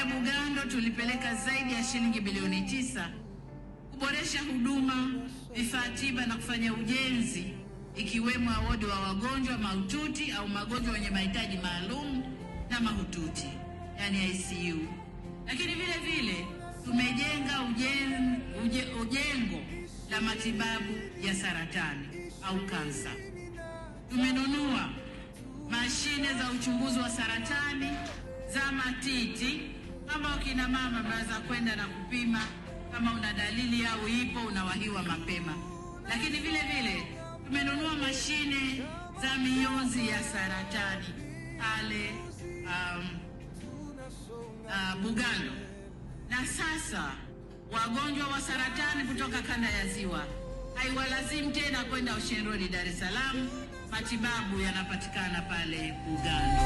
Pale Bugando tulipeleka zaidi ya shilingi bilioni tisa kuboresha huduma, vifaa tiba na kufanya ujenzi, ikiwemo awodi wa wagonjwa mahututi au magonjwa wenye mahitaji maalum na mahututi, yani ICU. Lakini vile vile tumejenga ujen, uje, ujengo la matibabu ya saratani au kansa. Tumenunua mashine za uchunguzi wa saratani za matiti kama wakina mama mnaweza kwenda na kupima, kama una dalili au ipo unawahiwa mapema. Lakini vile vile tumenunua mashine za mionzi ya saratani pale um, uh, Bugando, na sasa wagonjwa wa saratani kutoka kanda ya Ziwa haiwalazimu tena kwenda Ushenroni, Dar es Salaam. Matibabu yanapatikana pale Bugando.